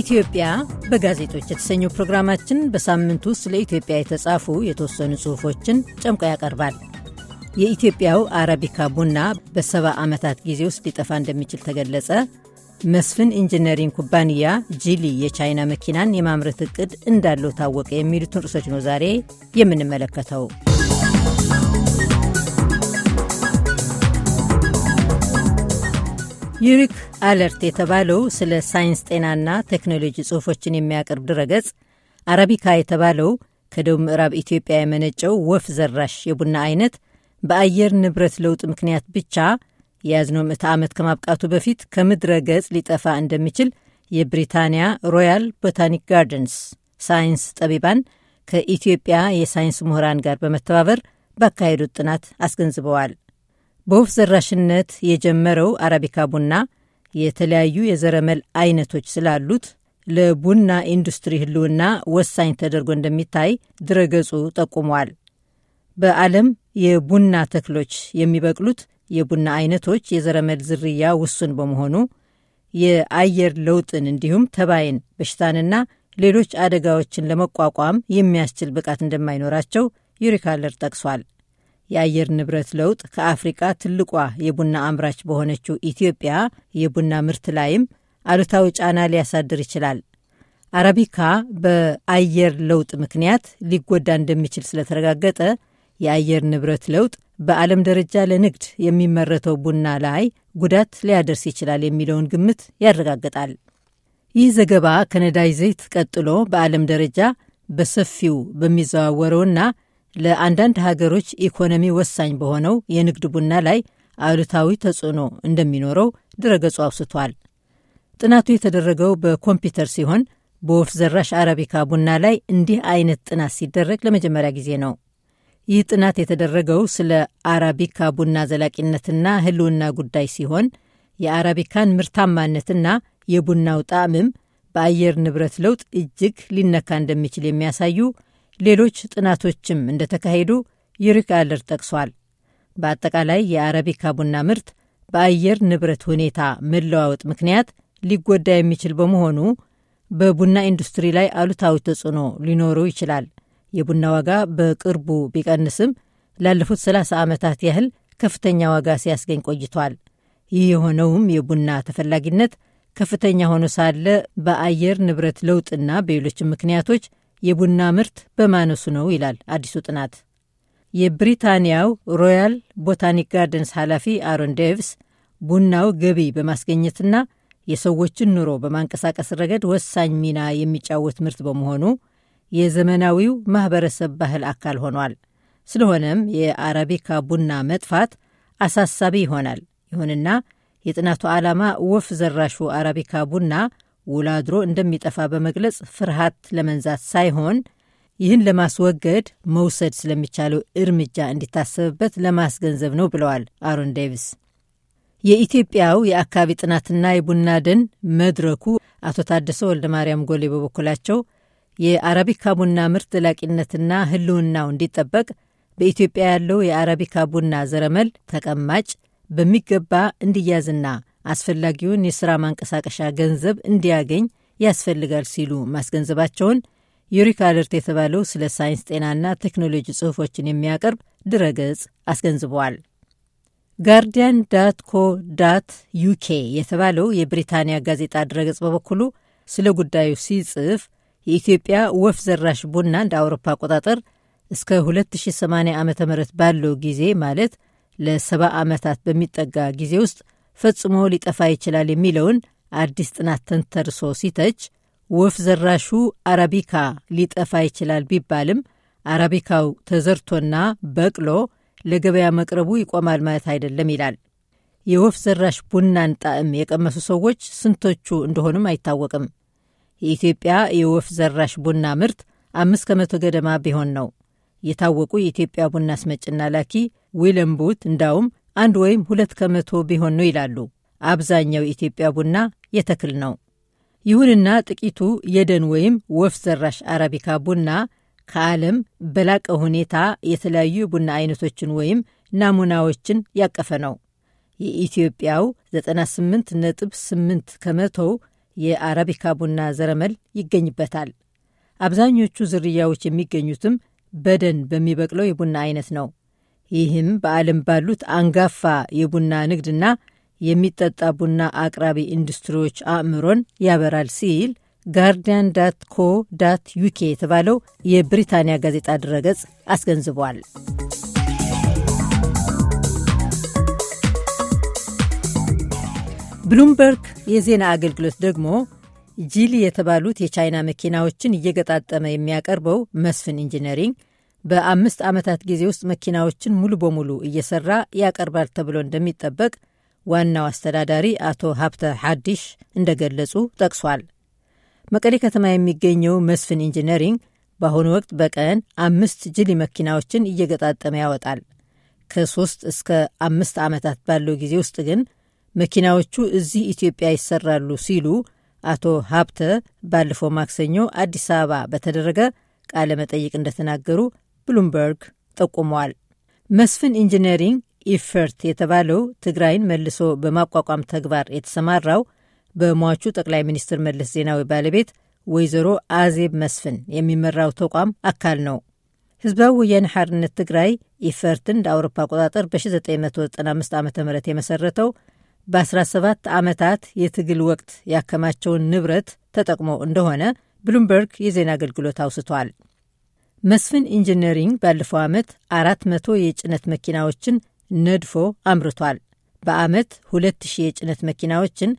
ኢትዮጵያ በጋዜጦች የተሰኘው ፕሮግራማችን በሳምንት ውስጥ ለኢትዮጵያ የተጻፉ የተወሰኑ ጽሑፎችን ጨምቆ ያቀርባል። የኢትዮጵያው አረቢካ ቡና በሰባ ዓመታት ጊዜ ውስጥ ሊጠፋ እንደሚችል ተገለጸ፣ መስፍን ኢንጂነሪንግ ኩባንያ ጂሊ የቻይና መኪናን የማምረት ዕቅድ እንዳለው ታወቀ፣ የሚሉትን ርዕሶች ነው ዛሬ የምንመለከተው። ዩሪክ አለርት የተባለው ስለ ሳይንስ ጤናና ቴክኖሎጂ ጽሑፎችን የሚያቀርብ ድረገጽ፣ አረቢካ የተባለው ከደቡብ ምዕራብ ኢትዮጵያ የመነጨው ወፍ ዘራሽ የቡና አይነት በአየር ንብረት ለውጥ ምክንያት ብቻ የያዝነው ምዕተ ዓመት ከማብቃቱ በፊት ከምድረ ገጽ ሊጠፋ እንደሚችል የብሪታንያ ሮያል ቦታኒክ ጋርደንስ ሳይንስ ጠቢባን ከኢትዮጵያ የሳይንስ ምሁራን ጋር በመተባበር ባካሄዱት ጥናት አስገንዝበዋል። በወፍ ዘራሽነት የጀመረው አረቢካ ቡና የተለያዩ የዘረመል አይነቶች ስላሉት ለቡና ኢንዱስትሪ ህልውና ወሳኝ ተደርጎ እንደሚታይ ድረገጹ ጠቁሟል። በዓለም የቡና ተክሎች የሚበቅሉት የቡና አይነቶች የዘረመል ዝርያ ውሱን በመሆኑ የአየር ለውጥን እንዲሁም ተባይን፣ በሽታንና ሌሎች አደጋዎችን ለመቋቋም የሚያስችል ብቃት እንደማይኖራቸው ዩሪካለር ጠቅሷል። የአየር ንብረት ለውጥ ከአፍሪቃ ትልቋ የቡና አምራች በሆነችው ኢትዮጵያ የቡና ምርት ላይም አሉታዊ ጫና ሊያሳድር ይችላል። አረቢካ በአየር ለውጥ ምክንያት ሊጎዳ እንደሚችል ስለተረጋገጠ የአየር ንብረት ለውጥ በዓለም ደረጃ ለንግድ የሚመረተው ቡና ላይ ጉዳት ሊያደርስ ይችላል የሚለውን ግምት ያረጋግጣል። ይህ ዘገባ ከነዳጅ ዘይት ቀጥሎ በዓለም ደረጃ በሰፊው በሚዘዋወረውና ለአንዳንድ ሀገሮች ኢኮኖሚ ወሳኝ በሆነው የንግድ ቡና ላይ አሉታዊ ተጽዕኖ እንደሚኖረው ድረገጹ አውስቷል። ጥናቱ የተደረገው በኮምፒውተር ሲሆን በወፍ ዘራሽ አረቢካ ቡና ላይ እንዲህ አይነት ጥናት ሲደረግ ለመጀመሪያ ጊዜ ነው። ይህ ጥናት የተደረገው ስለ አራቢካ ቡና ዘላቂነትና ሕልውና ጉዳይ ሲሆን የአራቢካን ምርታማነትና የቡናው ጣዕምም በአየር ንብረት ለውጥ እጅግ ሊነካ እንደሚችል የሚያሳዩ ሌሎች ጥናቶችም እንደተካሄዱ ይሪክ አለር ጠቅሷል። በአጠቃላይ የአረቢካ ቡና ምርት በአየር ንብረት ሁኔታ መለዋወጥ ምክንያት ሊጎዳ የሚችል በመሆኑ በቡና ኢንዱስትሪ ላይ አሉታዊ ተጽዕኖ ሊኖረው ይችላል። የቡና ዋጋ በቅርቡ ቢቀንስም ላለፉት 30 ዓመታት ያህል ከፍተኛ ዋጋ ሲያስገኝ ቆይቷል። ይህ የሆነውም የቡና ተፈላጊነት ከፍተኛ ሆኖ ሳለ በአየር ንብረት ለውጥና በሌሎችም ምክንያቶች የቡና ምርት በማነሱ ነው ይላል አዲሱ ጥናት። የብሪታንያው ሮያል ቦታኒክ ጋርደንስ ኃላፊ አሮን ዴቭስ ቡናው ገቢ በማስገኘትና የሰዎችን ኑሮ በማንቀሳቀስ ረገድ ወሳኝ ሚና የሚጫወት ምርት በመሆኑ የዘመናዊው ማኅበረሰብ ባህል አካል ሆኗል። ስለሆነም የአረቢካ ቡና መጥፋት አሳሳቢ ይሆናል። ይሁንና የጥናቱ ዓላማ ወፍ ዘራሹ አረቢካ ቡና ውላድሮ እንደሚጠፋ በመግለጽ ፍርሃት ለመንዛት ሳይሆን ይህን ለማስወገድ መውሰድ ስለሚቻለው እርምጃ እንዲታሰብበት ለማስገንዘብ ነው ብለዋል አሮን ዴቪስ። የኢትዮጵያው የአካባቢ ጥናትና የቡና ደን መድረኩ አቶ ታደሰ ወልደ ማርያም ጎሌ በበኩላቸው የአረቢካ ቡና ምርት ዘላቂነትና ሕልውናው እንዲጠበቅ በኢትዮጵያ ያለው የአረቢካ ቡና ዘረመል ተቀማጭ በሚገባ እንዲያዝና አስፈላጊውን የሥራ ማንቀሳቀሻ ገንዘብ እንዲያገኝ ያስፈልጋል ሲሉ ማስገንዘባቸውን ዩሪክ አለርት የተባለው ስለ ሳይንስ ጤናና ቴክኖሎጂ ጽሑፎችን የሚያቀርብ ድረገጽ አስገንዝበዋል። ጋርዲያን ዳት ኮ ዳት ዩኬ የተባለው የብሪታንያ ጋዜጣ ድረገጽ በበኩሉ ስለ ጉዳዩ ሲጽፍ የኢትዮጵያ ወፍ ዘራሽ ቡና እንደ አውሮፓ አቆጣጠር እስከ 2080 ዓ ም ባለው ጊዜ ማለት ለሰባ ዓመታት በሚጠጋ ጊዜ ውስጥ ፈጽሞ ሊጠፋ ይችላል የሚለውን አዲስ ጥናት ተንተርሶ ሲተች ወፍ ዘራሹ አረቢካ ሊጠፋ ይችላል ቢባልም አረቢካው ተዘርቶና በቅሎ ለገበያ መቅረቡ ይቆማል ማለት አይደለም ይላል። የወፍ ዘራሽ ቡናን ጣዕም የቀመሱ ሰዎች ስንቶቹ እንደሆኑም አይታወቅም። የኢትዮጵያ የወፍ ዘራሽ ቡና ምርት አምስት ከመቶ ገደማ ቢሆን ነው። የታወቁ የኢትዮጵያ ቡና አስመጭና ላኪ ዊለም ቡት እንዳውም አንድ ወይም ሁለት ከመቶ ቢሆን ነው ይላሉ። አብዛኛው የኢትዮጵያ ቡና የተክል ነው። ይሁንና ጥቂቱ የደን ወይም ወፍ ዘራሽ አረቢካ ቡና ከዓለም በላቀ ሁኔታ የተለያዩ የቡና አይነቶችን ወይም ናሙናዎችን ያቀፈ ነው። የኢትዮጵያው 8 ከመቶው የአረቢካ ቡና ዘረመል ይገኝበታል። አብዛኞቹ ዝርያዎች የሚገኙትም በደን በሚበቅለው የቡና አይነት ነው። ይህም በዓለም ባሉት አንጋፋ የቡና ንግድና የሚጠጣ ቡና አቅራቢ ኢንዱስትሪዎች አእምሮን ያበራል ሲል ጋርዲያን ዳት ኮ ዳት ዩኬ የተባለው የብሪታንያ ጋዜጣ ድረገጽ አስገንዝቧል። ብሉምበርግ የዜና አገልግሎት ደግሞ ጂሊ የተባሉት የቻይና መኪናዎችን እየገጣጠመ የሚያቀርበው መስፍን ኢንጂነሪንግ በአምስት ዓመታት ጊዜ ውስጥ መኪናዎችን ሙሉ በሙሉ እየሰራ ያቀርባል ተብሎ እንደሚጠበቅ ዋናው አስተዳዳሪ አቶ ሀብተ ሐዲሽ እንደገለጹ ጠቅሷል። መቀሌ ከተማ የሚገኘው መስፍን ኢንጂነሪንግ በአሁኑ ወቅት በቀን አምስት ጅሊ መኪናዎችን እየገጣጠመ ያወጣል። ከሶስት እስከ አምስት ዓመታት ባለው ጊዜ ውስጥ ግን መኪናዎቹ እዚህ ኢትዮጵያ ይሰራሉ ሲሉ አቶ ሀብተ ባለፈው ማክሰኞ አዲስ አበባ በተደረገ ቃለ መጠይቅ እንደተናገሩ ብሉምበርግ ጠቁመዋል። መስፍን ኢንጂነሪንግ ኢፈርት የተባለው ትግራይን መልሶ በማቋቋም ተግባር የተሰማራው በሟቹ ጠቅላይ ሚኒስትር መለስ ዜናዊ ባለቤት ወይዘሮ አዜብ መስፍን የሚመራው ተቋም አካል ነው። ህዝባዊ ወያነ ሓርነት ትግራይ ኢፈርትን እንደ አውሮፓ አቆጣጠር በ1995 ዓ ም የመሰረተው በ17 ዓመታት የትግል ወቅት ያከማቸውን ንብረት ተጠቅሞ እንደሆነ ብሉምበርግ የዜና አገልግሎት አውስቷል። መስፍን ኢንጂነሪንግ ባለፈው ዓመት 400 የጭነት መኪናዎችን ነድፎ አምርቷል። በዓመት 2000 የጭነት መኪናዎችን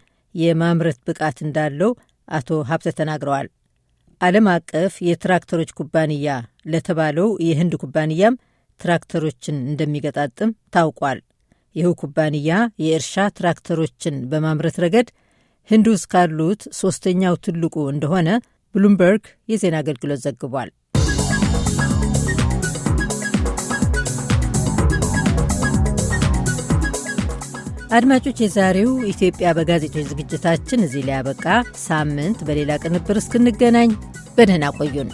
የማምረት ብቃት እንዳለው አቶ ሀብተ ተናግረዋል። ዓለም አቀፍ የትራክተሮች ኩባንያ ለተባለው የህንድ ኩባንያም ትራክተሮችን እንደሚገጣጥም ታውቋል። ይህው ኩባንያ የእርሻ ትራክተሮችን በማምረት ረገድ ህንድ ውስጥ ካሉት ሦስተኛው ትልቁ እንደሆነ ብሉምበርግ የዜና አገልግሎት ዘግቧል። አድማጮች፣ የዛሬው ኢትዮጵያ በጋዜጦች ዝግጅታችን እዚህ ላይ ያበቃ። ሳምንት በሌላ ቅንብር እስክንገናኝ በደህና ቆዩን።